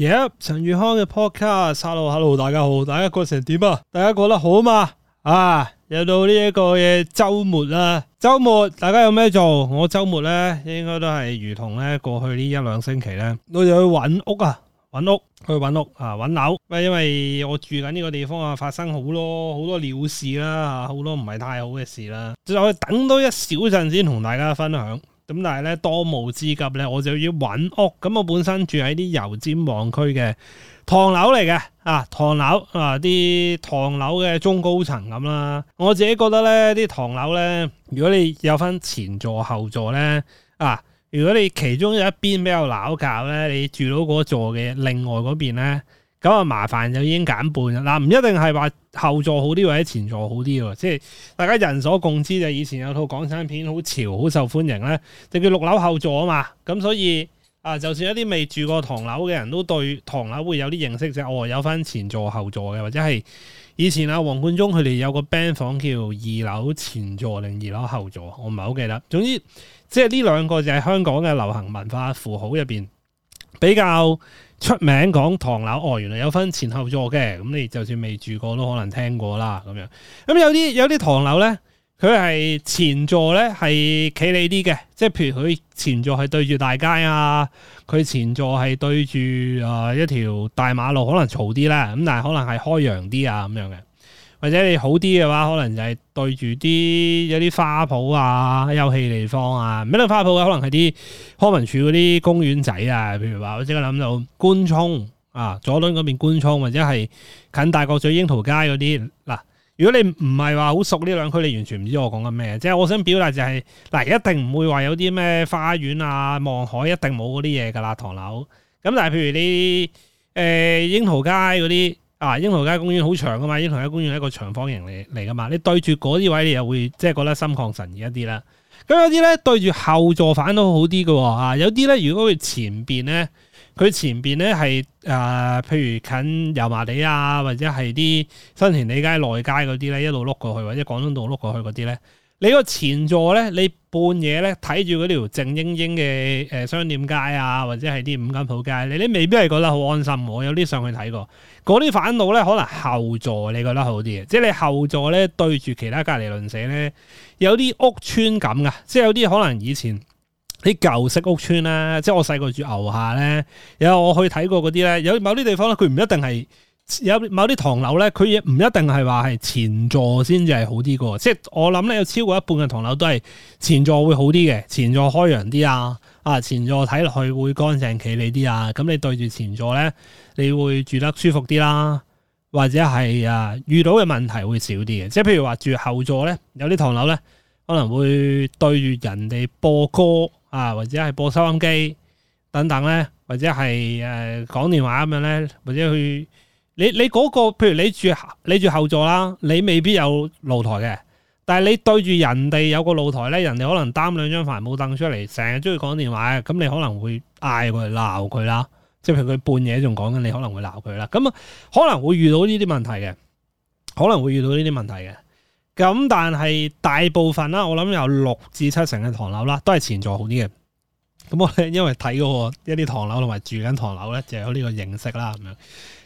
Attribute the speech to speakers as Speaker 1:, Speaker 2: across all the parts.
Speaker 1: 耶！陳宇、yeah, 康嘅 podcast，hello hello，大家好，大家過成點啊？大家過得好嘛？啊，又到呢一個嘅週末啦，週末大家有咩做？我週末呢應該都係如同呢過去呢一兩星期呢，都要去揾屋啊，揾屋去揾屋啊，揾樓，因因為我住緊呢個地方啊，發生好多好多鳥事啦，好多唔係太好嘅事啦，就等多一小陣先同大家分享。咁但係咧，當務之急咧，我就要揾屋。咁我本身住喺啲油尖旺區嘅唐樓嚟嘅啊，唐樓啊，啲唐樓嘅中高層咁啦。我自己覺得咧，啲唐樓咧，如果你有分前座後座咧啊，如果你其中有一邊比較老舊咧，你住到嗰座嘅另外嗰邊咧。咁啊，麻煩就已經減半啦。嗱，唔一定係話後座好啲或者前座好啲喎。即係大家人所共知就以前有套港產片好潮、好受歡迎咧，就叫六樓後座啊嘛。咁所以啊，就算一啲未住過唐樓嘅人都對唐樓會有啲認識。就哦，有翻前座、後座嘅，或者係以前啊黃貫中佢哋有個 band 房叫二樓前座定二樓後座，我唔係好記得。總之，即係呢兩個就係香港嘅流行文化符號入邊比較。出名講唐樓哦，原來有分前後座嘅，咁你就算未住過都可能聽過啦，咁樣。咁有啲有啲唐樓咧，佢係前座咧係企理啲嘅，即係譬如佢前座係對住大街啊，佢前座係對住啊一條大馬路，可能嘈啲啦，咁但係可能係開揚啲啊咁樣嘅。或者你好啲嘅話，可能就係對住啲有啲花圃啊、休憩地方啊，咩係都花圃可能係啲康文署嗰啲公園仔啊。譬如話，我即刻諗到官涌啊，佐敦嗰邊官涌，或者係近大角咀櫻桃街嗰啲。嗱，如果你唔係話好熟呢兩區，你完全唔知我講緊咩。即係我想表達就係，嗱，一定唔會話有啲咩花園啊、望海，一定冇嗰啲嘢噶啦，唐樓。咁但係譬如你誒櫻桃街嗰啲。啊！櫻桃街公園好長噶嘛，櫻桃街公園係一個長方形嚟嚟噶嘛，你對住嗰啲位你又會即係覺得心曠神怡一啲啦。咁有啲咧對住後座反都好啲嘅喎。啊，有啲咧如果佢前邊咧，佢前邊咧係啊，呃、譬如近油麻地啊，或者係啲新填地街內街嗰啲咧，一路碌過去或者廣東道碌過去嗰啲咧，你個前座咧，你半夜咧睇住嗰條靜英英嘅誒商店街啊，或者係啲五金鋪街，你你未必係覺得好安心。我有啲上去睇過，嗰啲反惱咧，可能後座你覺得好啲嘅，即係你後座咧對住其他隔離鄰舍咧，有啲屋村噉㗎，即係有啲可能以前啲舊式屋村啦，即係我細個住牛下咧，有我去睇過嗰啲咧，有某啲地方咧，佢唔一定係。有某啲唐樓咧，佢亦唔一定係話係前座先至係好啲嘅，即係我諗咧，有超過一半嘅唐樓都係前座會好啲嘅。前座開揚啲啊，啊前座睇落去會乾淨企理啲啊，咁你對住前座咧，你會住得舒服啲啦，啊，或者係啊遇到嘅問題會少啲嘅，即係譬如話住後座咧，有啲唐樓咧可能會對住人哋播歌啊，或者係播收音機等等咧，或者係誒、呃、講電話咁樣咧，或者去。你你嗰個，譬如你住你住後座啦，你未必有露台嘅。但係你對住人哋有個露台咧，人哋可能擔兩張帆布凳出嚟，成日中意講電話啊，咁你可能會嗌佢鬧佢啦。即係譬如佢半夜仲講緊，你可能會鬧佢啦。咁啊，可能會遇到呢啲問題嘅，可能會遇到呢啲問題嘅。咁但係大部分啦，我諗有六至七成嘅唐樓啦，都係前座好啲嘅。咁我咧，因為睇嗰個一啲唐樓同埋住緊唐樓咧，就有呢個認識啦。咁樣，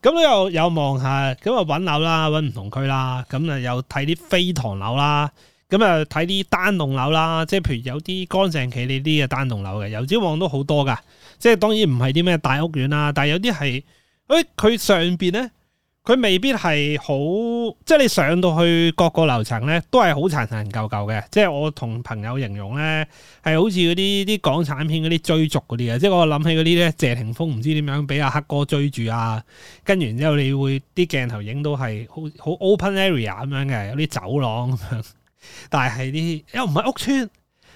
Speaker 1: 咁又有望下，咁啊搵樓啦，搵唔同區啦，咁啊又睇啲非唐樓啦，咁啊睇啲單棟樓啦，即係譬如有啲乾淨企呢啲嘅單棟樓嘅，油尖旺都好多噶。即係當然唔係啲咩大屋苑啦，但係有啲係，誒、欸、佢上邊咧。佢未必係好，即係你上到去各個樓層咧，都係好殘殘舊舊嘅。即係我同朋友形容咧，係好似嗰啲啲港產片嗰啲追逐嗰啲啊。即係我諗起嗰啲咧，謝霆鋒唔知點樣俾阿黑哥追住啊。跟完之後你會啲鏡頭影到係好好 open area 咁樣嘅，有啲走廊，但係啲又唔係屋村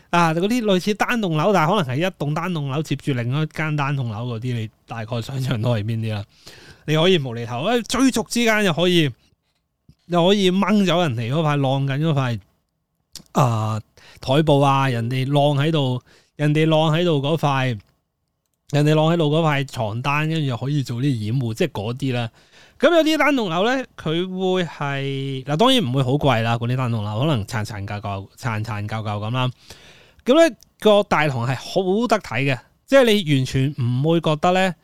Speaker 1: 啊，嗰啲類似單棟樓，但係可能係一棟單棟樓接住另一間單棟樓嗰啲，你大概想象到係邊啲啦？你可以無厘頭，追逐之間又可以又可以掹走人哋嗰塊晾緊嗰塊啊枱布啊，人哋晾喺度，人哋晾喺度嗰塊，塊呃、人哋晾喺度嗰塊床單，跟住又可以做啲掩護，即係嗰啲啦。咁有啲單棟樓咧，佢會係嗱，當然唔會好貴啦。嗰啲單棟樓可能殘殘舊舊、殘殘舊舊咁啦。咁、那、咧個大堂係好得體嘅，即係你完全唔會覺得咧。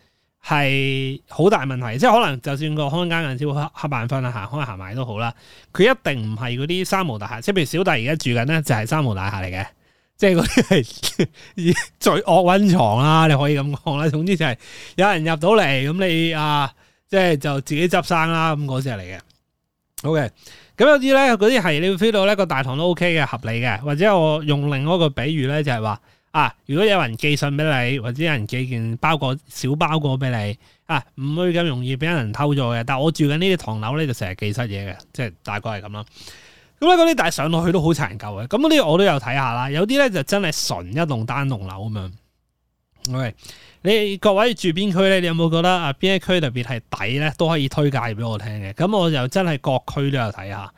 Speaker 1: 係好大問題，即係可能就算個空間硬少黑黑眼瞓啊，行開行埋都好啦。佢一定唔係嗰啲三無大廈，即係譬如小弟而家住緊咧就係三無大廈嚟嘅，即係嗰啲係罪惡溫床啦、啊，你可以咁講啦。總之就係有人入到嚟，咁你啊，即係就自己執生啦，咁嗰隻嚟嘅。OK 咁有啲咧，嗰啲係你會 feel 到咧個大堂都 OK 嘅，合理嘅。或者我用另外一個比喻咧，就係話。啊！如果有人寄信俾你，或者有人寄件、包裹、小包裹俾你，啊，唔會咁容易俾人偷咗嘅。但係我住緊、嗯、呢啲唐樓咧，就成日寄失嘢嘅，即係大概係咁啦。咁咧嗰啲，但係上落去都好殘舊嘅。咁嗰啲我都有睇下啦，有啲咧就真係純一棟單棟樓咁樣。OK，你各位住邊區咧？你有冇覺得啊？邊一區特別係抵咧，都可以推介俾我聽嘅。咁我就真係各區都有睇下。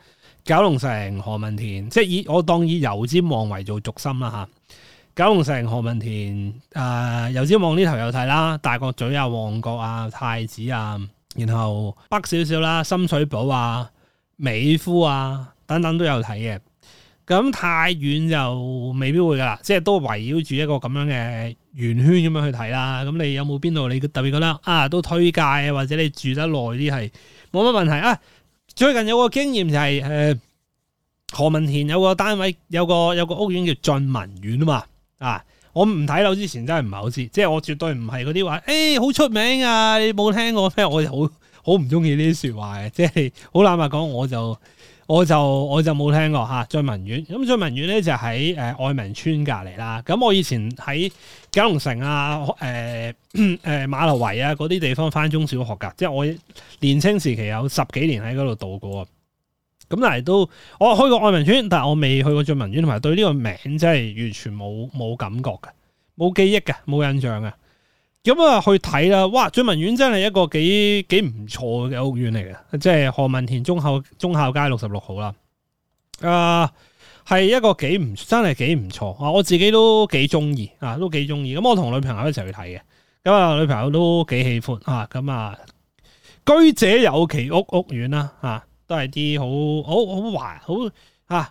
Speaker 1: 九龍城、何文田，即係以我當以油尖旺為做重心啦吓。啊九龍城何文田，誒，油尖旺呢頭有睇啦，大角咀啊，旺角啊，太子啊，然後北少少啦，深水埗啊，美孚啊，等等都有睇嘅。咁太遠就未必會噶啦，即係都圍繞住一個咁樣嘅圓圈咁樣去睇啦。咁你有冇邊度你特別覺得啊都推介，或者你住得耐啲係冇乜問題啊？最近有個經驗就係、是、誒、呃，何文田有個單位有個有個屋苑叫俊文苑啊嘛。啊！我唔睇樓之前真係唔係好知，即係我絕對唔係嗰啲話，誒、欸、好出名啊！你冇聽過咩？我好好唔中意呢啲説話嘅，即係好坦白講，我就我就我就冇聽過嚇。俊、啊、民苑咁俊民苑咧就喺、是、誒、呃、愛民村隔籬啦。咁我以前喺九龍城啊、誒、呃、誒、呃、馬頭圍啊嗰啲地方返中小學㗎，即係我年青時期有十幾年喺嗰度度過。咁但係都我去過愛民村，但我未去過俊文苑，同埋對呢個名真係完全冇冇感覺嘅，冇記憶嘅，冇印象嘅。咁啊去睇啦，哇！俊文苑真係一個幾幾唔錯嘅屋苑嚟嘅，即係何文田忠孝忠孝街六十六號啦。啊，係一個幾唔真係幾唔錯啊！我自己都幾中意啊，都幾中意。咁、啊、我同女朋友一齊去睇嘅，咁啊女朋友都幾喜歡啊。咁啊，居者有其屋屋苑啦啊！啊都係啲好好好華好啊！誒、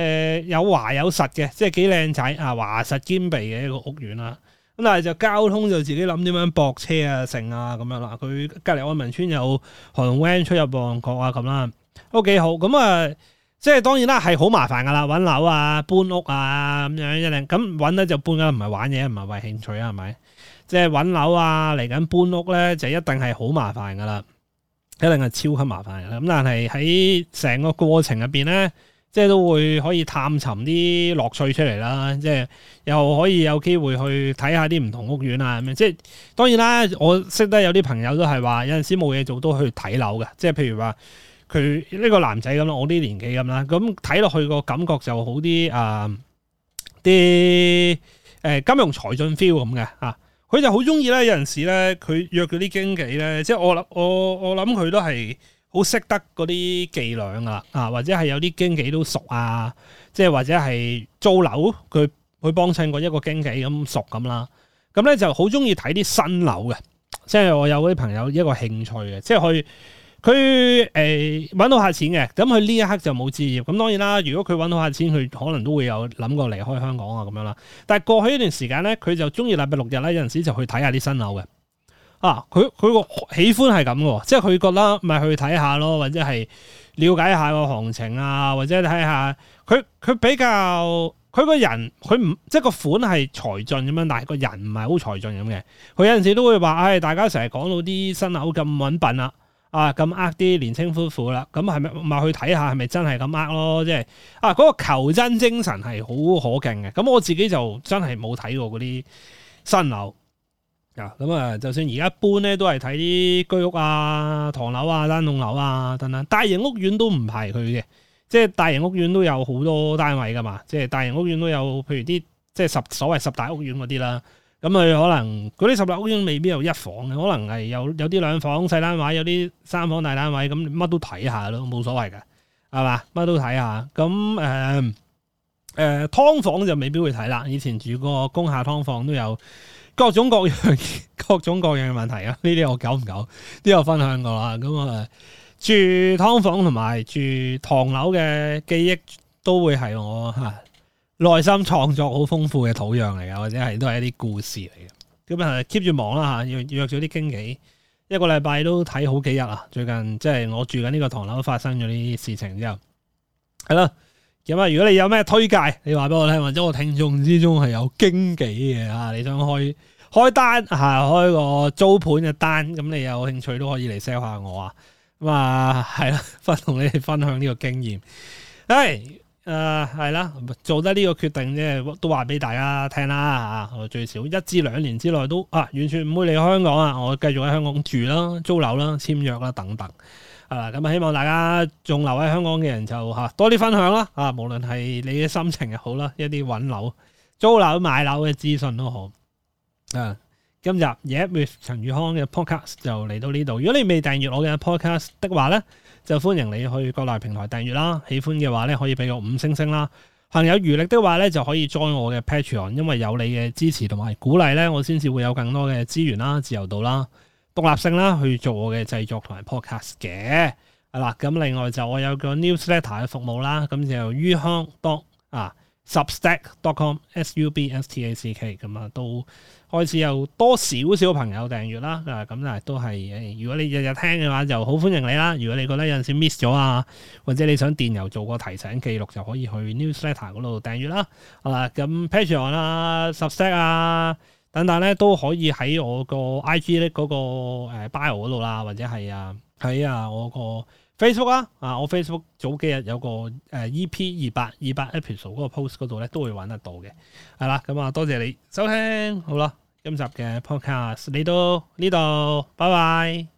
Speaker 1: 呃、有華有實嘅，即係幾靚仔啊！華實兼備嘅一個屋苑啦。咁但係就交通就自己諗點樣駁車啊、乘啊咁樣啦。佢隔離愛民村有韓灣出入旺角啊，咁啦都幾好。咁、嗯、啊，即係當然啦，係好麻煩噶啦，揾樓啊、搬屋啊咁樣一零。咁揾得就搬咧，唔係玩嘢，唔係為興趣是是啊，係咪？即係揾樓啊，嚟緊搬屋咧，就一定係好麻煩噶啦。一定係超級麻煩嘅。咁但係喺成個過程入邊咧，即係都會可以探尋啲樂趣出嚟啦，即係又可以有機會去睇下啲唔同屋苑啊咁樣，即係當然啦，我識得有啲朋友都係話，有陣時冇嘢做都去睇樓嘅，即係譬如話佢呢個男仔咁我啲年紀咁啦，咁睇落去個感覺就好啲啊，啲、呃、誒、呃、金融財進 feel 咁嘅啊～佢就好中意咧，有陣時咧，佢約嗰啲經紀咧，即係我諗，我我諗佢都係好識得嗰啲伎倆㗎啦，啊或者係有啲經紀都熟啊，即係或者係租樓佢佢幫襯過一個經紀咁熟咁、啊、啦，咁咧就好中意睇啲新樓嘅，即係我有嗰啲朋友一個興趣嘅，即係去。佢誒揾到下錢嘅，咁佢呢一刻就冇置業。咁當然啦，如果佢揾到下錢，佢可能都會有諗過離開香港啊咁樣啦。但係過去一段時間咧，佢就中意禮拜六日咧，有陣時就去睇下啲新樓嘅。啊，佢佢個喜歡係咁嘅，即係佢覺得咪、就是、去睇下咯，或者係了解下個行情啊，或者睇下佢佢比較佢個人佢唔即係個款係才俊咁樣，但係個人唔係好才俊咁嘅。佢有陣時都會話：唉、哎，大家成日講到啲新樓咁揾笨啊！啊咁呃啲年青夫婦啦，咁係咪咪去睇下係咪真係咁呃咯？即係啊嗰個求真精神係好可敬嘅。咁我自己就真係冇睇過嗰啲新樓啊。咁啊，就算而家搬咧，都係睇啲居屋啊、唐樓啊、單棟樓啊等等。大型屋苑都唔係佢嘅，即係大型屋苑都有好多單位噶嘛。即係大型屋苑都有，譬如啲即係十所謂十大屋苑嗰啲啦。咁佢可能嗰啲十六屋苑未必有一房嘅，可能係有有啲兩房細單位，有啲三房大單位，咁乜都睇下咯，冇所謂噶，係嘛，乜都睇下。咁誒誒，劏、呃呃、房就未必會睇啦。以前住過工廈劏房都有各種各樣 各種各樣嘅問題啊。呢啲我久唔久都有分享過啦。咁啊、呃，住劏房同埋住唐樓嘅記憶都會係我吓。嗯啊內心創作好豐富嘅土壤嚟噶，或者係都係一啲故事嚟嘅。咁啊，keep 住忙啦吓，要約咗啲經紀，一個禮拜都睇好幾日啊。最近即係、就是、我住緊呢個唐樓，發生咗呢啲事情之後，係啦。咁啊，如果你有咩推介，你話俾我聽，或者我聽眾之中係有經紀嘅啊，你想開開單吓，開個租盤嘅單，咁你有興趣都可以嚟 sell 下我啊。咁啊，係啦，分同你哋分享呢個經驗。誒。誒，係啦、啊，做得呢個決定即係，都話俾大家聽啦吓。我最少一至兩年之內都啊，完全唔會離開香港啊，我繼續喺香港住啦、租樓啦、簽約啦等等。啊，咁啊，希望大家仲留喺香港嘅人就吓、啊、多啲分享啦。啊，無論係你嘅心情又好啦，一啲揾樓、租樓、買樓嘅資訊都好。啊。今日 with 陳宇康嘅 podcast 就嚟到呢度。如果你未訂閱我嘅 podcast 的話咧，就歡迎你去各大平台訂閱啦。喜歡嘅話咧，可以俾個五星星啦。行有餘力的話咧，就可以 join 我嘅 patreon，因為有你嘅支持同埋鼓勵咧，我先至會有更多嘅資源啦、自由度啦、獨立性啦去做我嘅製作同埋 podcast 嘅。啊啦，咁另外就我有個 newsletter 嘅服務啦。咁就於康當啊。Substack.com，S-U-B-S-T-A-C-K 咁啊，都開始有多少少朋友訂閱啦。咁啊，都係誒，如果你日日聽嘅話，就好歡迎你啦。如果你覺得有陣時 miss 咗啊，或者你想電郵做個提醒記錄，就可以去 newsletter 嗰度訂閱啦。好啦，咁 Patreon 啊、Substack 啊等等咧，都可以喺我個 IG 咧嗰個 bio 嗰度啦，或者係啊，喺啊，我個。Facebook 啦，啊，我 Facebook 早幾日有個誒 EP 二八二八 episode 嗰個 post 嗰度咧，都會揾得到嘅，係啦，咁啊，多謝你收聽，好啦，今集嘅 podcast 嚟到呢度，拜拜。